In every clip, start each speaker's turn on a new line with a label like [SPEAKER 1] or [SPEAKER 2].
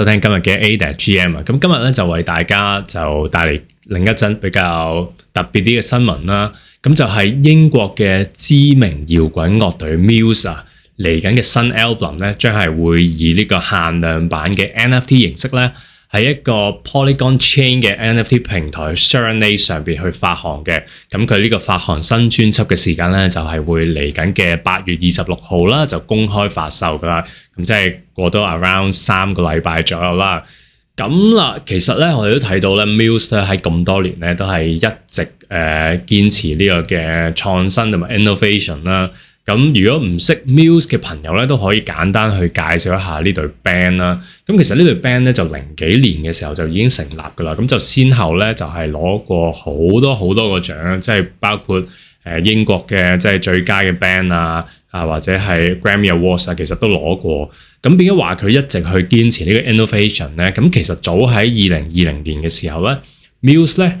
[SPEAKER 1] 收聽今日嘅 ADAC GM 啊，咁今日咧就為大家就帶嚟另一陣比較特別啲嘅新聞啦。咁就係英國嘅知名搖滾樂隊 Muse 啊，嚟緊嘅新 album 咧，將係會以呢個限量版嘅 NFT 形式咧。喺一個 Polygon Chain 嘅 NFT 平台 Serenade 上邊去發行嘅，咁佢呢個發行新專輯嘅時間咧就係、是、會嚟緊嘅八月二十六號啦，就公開發售噶啦，咁即係過多 around 三個禮拜左右啦。咁啦，其實咧我哋都睇到咧，Muse 咧喺咁多年咧都係一直誒、呃、堅持呢個嘅創新同埋 innovation 啦。咁如果唔識 Muse 嘅朋友咧，都可以簡單去介紹一下呢隊 band 啦。咁其實呢隊 band 咧就零幾年嘅時候就已經成立噶啦。咁就先後咧就係攞過好多好多個獎，即係包括英國嘅即係最佳嘅 band 啊，啊或者係 Grammy Awards 啊，其實都攞過。咁點解話佢一直去堅持呢個 innovation 咧？咁其實早喺二零二零年嘅時候咧，Muse 咧。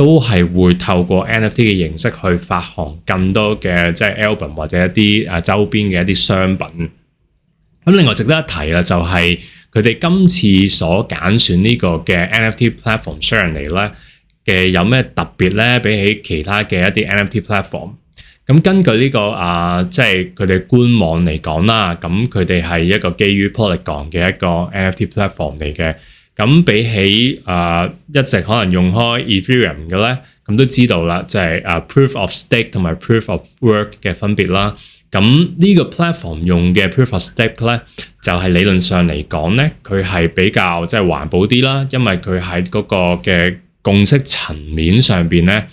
[SPEAKER 1] 都係會透過 NFT 嘅形式去發行更多嘅即係、就是、album 或者一啲啊周邊嘅一啲商品。咁另外值得一提啦，就係佢哋今次所揀選呢個嘅 NFT platform Serenade 嚟咧嘅有咩特別咧？比起其他嘅一啲 NFT platform。咁根據呢、呢個啊，即係佢哋官網嚟講啦，咁佢哋係一個基於 Polygon 嘅一個 NFT platform 嚟嘅。咁比起、呃、一直可能用開 Ethereum 嘅咧，咁都知道啦，就係誒 proof of stake 同埋 proof of work 嘅分別啦。咁呢個 platform 用嘅 proof of stake 咧，就係理論上嚟講咧，佢係比較即係環保啲啦，因為佢喺嗰個嘅共識層面上面咧，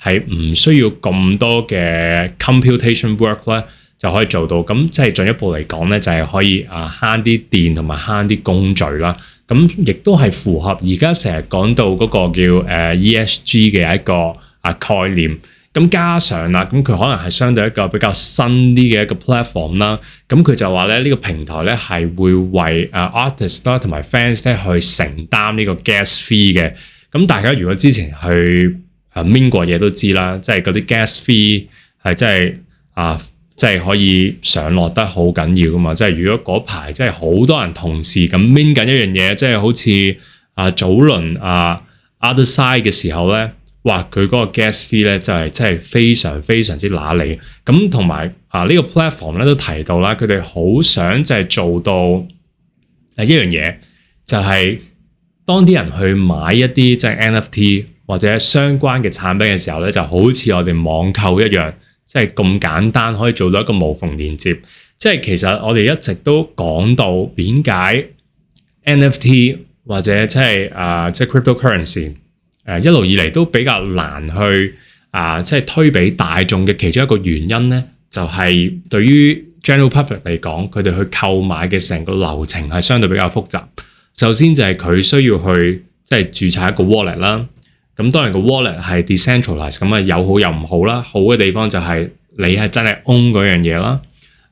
[SPEAKER 1] 係唔需要咁多嘅 computation work 咧，就可以做到。咁即係進一步嚟講咧，就係可以誒慳啲電同埋慳啲工序啦。咁亦都係符合而家成日講到嗰個叫 ESG 嘅一個啊概念，咁加上啦，咁佢可能係相對一個比較新啲嘅一個 platform 啦，咁佢就話咧呢個平台咧係、這個、會為誒 artist 同埋 fans 咧去承擔呢個 gas fee 嘅，咁大家如果之前去誒 mint 過嘢都知啦，即係嗰啲 gas fee 係真係啊。即係可以上落得好緊要噶嘛！即係如果嗰排即係好多人同時咁 mint 緊一樣嘢，即係好似啊早輪啊 other side 嘅時候咧，哇！佢嗰個 gas fee 咧就係真係非常非常之嗱你咁，同埋啊呢、這個 platform 咧都提到啦，佢哋好想即係做到一樣嘢，就係、是、當啲人去買一啲即係 NFT 或者相關嘅產品嘅時候咧，就好似我哋網購一樣。即係咁簡單可以做到一個無縫連接，即係其實我哋一直都講到點解 NFT 或者即係啊即係 cryptocurrency 誒一路以嚟都比較難去啊即係推俾大眾嘅其中一個原因咧，就係對於 general public 嚟講，佢哋去購買嘅成個流程係相對比較複雜。首先就係佢需要去即係註冊一個 wallet 啦。咁當然個 wallet 係 decentralized 咁啊，有好有唔好啦。好嘅地方就係你係真係 own 嗰樣嘢啦。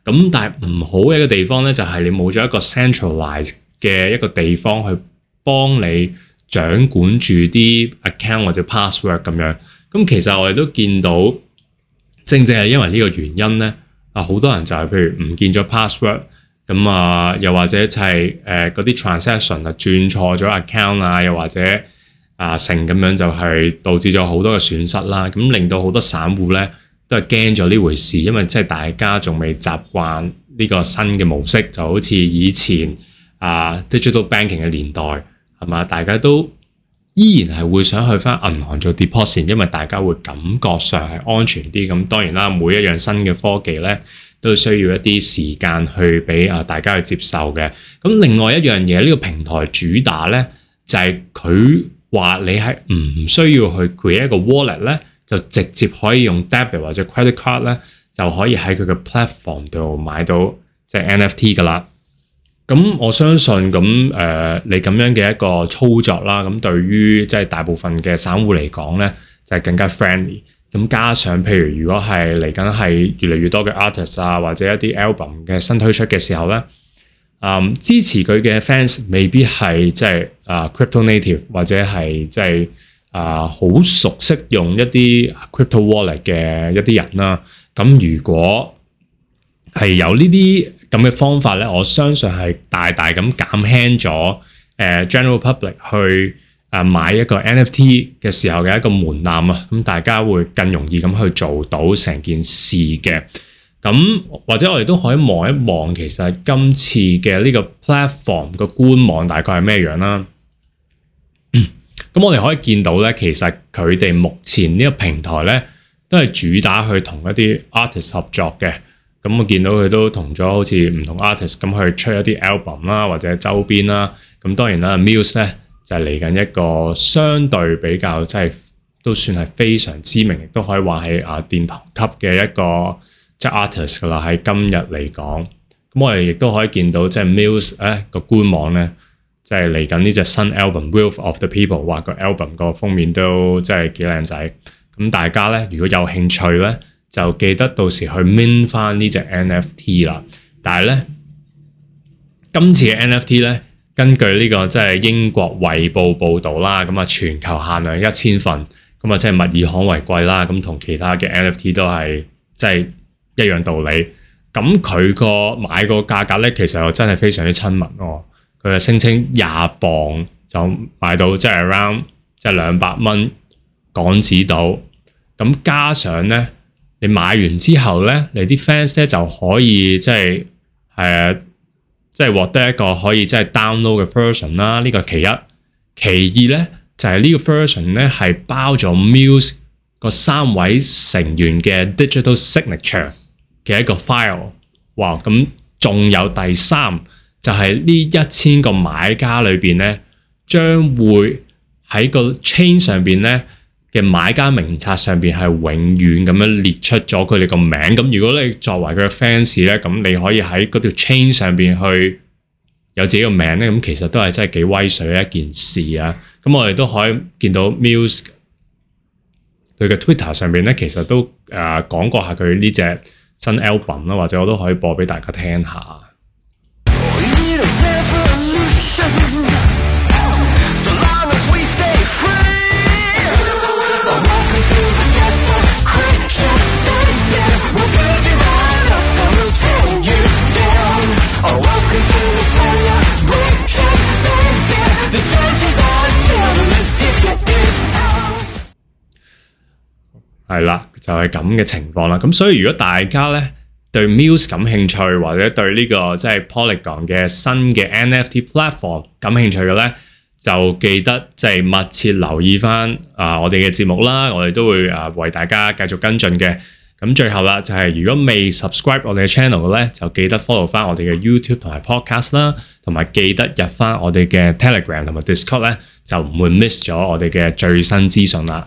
[SPEAKER 1] 咁但係唔好嘅一個地方咧，就係你冇咗一個 centralized 嘅一個地方去幫你掌管住啲 account 或者 password 咁樣。咁其實我哋都見到，正正係因為呢個原因咧，啊好多人就係譬如唔見咗 password，咁啊又或者就係嗰啲 transaction 啊轉錯咗 account 啊，又或者、就係。呃啊，成咁樣就係導致咗好多嘅損失啦，咁令到好多散戶咧都係驚咗呢回事，因為即係大家仲未習慣呢個新嘅模式，就好似以前啊 digital banking 嘅年代係嘛，大家都依然係會想去返銀行做 deposit，因為大家會感覺上係安全啲。咁當然啦，每一樣新嘅科技咧都需要一啲時間去俾啊大家去接受嘅。咁另外一樣嘢，呢個平台主打咧就係佢。話你係唔需要去 create 一個 wallet 咧，就直接可以用 debit 或者 credit card 咧，就可以喺佢嘅 platform 度買到即係 NFT 㗎喇。咁、就是、我相信咁誒、呃，你咁樣嘅一個操作啦，咁對於即係大部分嘅散戶嚟講咧，就係、是、更加 friendly。咁加上譬如如果係嚟緊係越嚟越多嘅 artist 啊，或者一啲 album 嘅新推出嘅時候咧，嗯，支持佢嘅 fans 未必係即係。啊、uh,，crypto native 或者係即係啊，好、就是 uh, 熟悉用一啲 crypto wallet 嘅一啲人啦、啊。咁如果係有呢啲咁嘅方法咧，我相信係大大咁減輕咗誒、uh, general public 去誒、uh, 買一個 NFT 嘅時候嘅一個門檻啊。咁大家會更容易咁去做到成件事嘅。咁或者我哋都可以望一望，其實今次嘅呢個 platform 個官網大概係咩樣啦、啊？咁我哋可以見到咧，其實佢哋目前呢個平台咧都係主打去同一啲 artist 合作嘅。咁我見到佢都同咗好似唔同 artist 咁去出一啲 album 啦，或者周邊啦。咁當然啦，Muse 咧就係嚟緊一個相對比較即係都算係非常知名，亦都可以話係啊殿堂級嘅一個即係 artist 噶啦。喺今日嚟講，咁我哋亦都可以見到即係 Muse 誒個官網咧。即係嚟緊呢隻新 album《Will of the People》，話，個 album 個封面都真係幾靚仔。咁大家咧如果有興趣咧，就記得到時去 mint 返呢隻 NFT 啦。但係咧，今次嘅 NFT 咧，根據呢個即係英國衛報報道啦，咁啊全球限量一千份，咁啊即係物以罕為貴啦。咁同其他嘅 NFT 都係即係一樣道理。咁佢個買個價格咧，其實又真係非常之親民哦。佢就聲稱廿磅就買到，即係 around 即係兩百蚊港紙度。咁加上咧，你買完之後咧，你啲 fans 咧就可以即係誒，即係獲得一個可以即係 download 嘅 version 啦。呢個係其一，其二咧就係呢個 version 咧係包咗 Muse 個三位成員嘅 digital signature 嘅一個 file。哇！咁仲有第三。就係呢一千個買家裏面咧，將會喺個 chain 上面咧嘅買家名冊上面係永遠咁樣列出咗佢哋個名。咁如果你作為佢嘅 fans 咧，咁你可以喺嗰條 chain 上面去有自己個名咧。咁其實都係真係幾威水嘅一件事啊！咁我哋都可以見到 Muse 佢嘅 Twitter 上面咧，其實都誒講過下佢呢隻新 album 啦，或者我都可以播俾大家聽下。係啦，就係咁嘅情況啦。咁所以如果大家咧對 Muse 感興趣，或者對呢、這個即係、就是、Polygon 嘅新嘅 NFT platform 感興趣嘅咧，就記得即係密切留意翻啊、呃、我哋嘅節目啦。我哋都會啊、呃、為大家繼續跟進嘅。咁最後啦，就係、是、如果未 subscribe 我哋嘅 channel 嘅咧，就記得 follow 翻我哋嘅 YouTube 同埋 Podcast 啦，同埋記得入翻我哋嘅 Telegram 同埋 Discord 咧，就唔會 miss 咗我哋嘅最新資訊啦。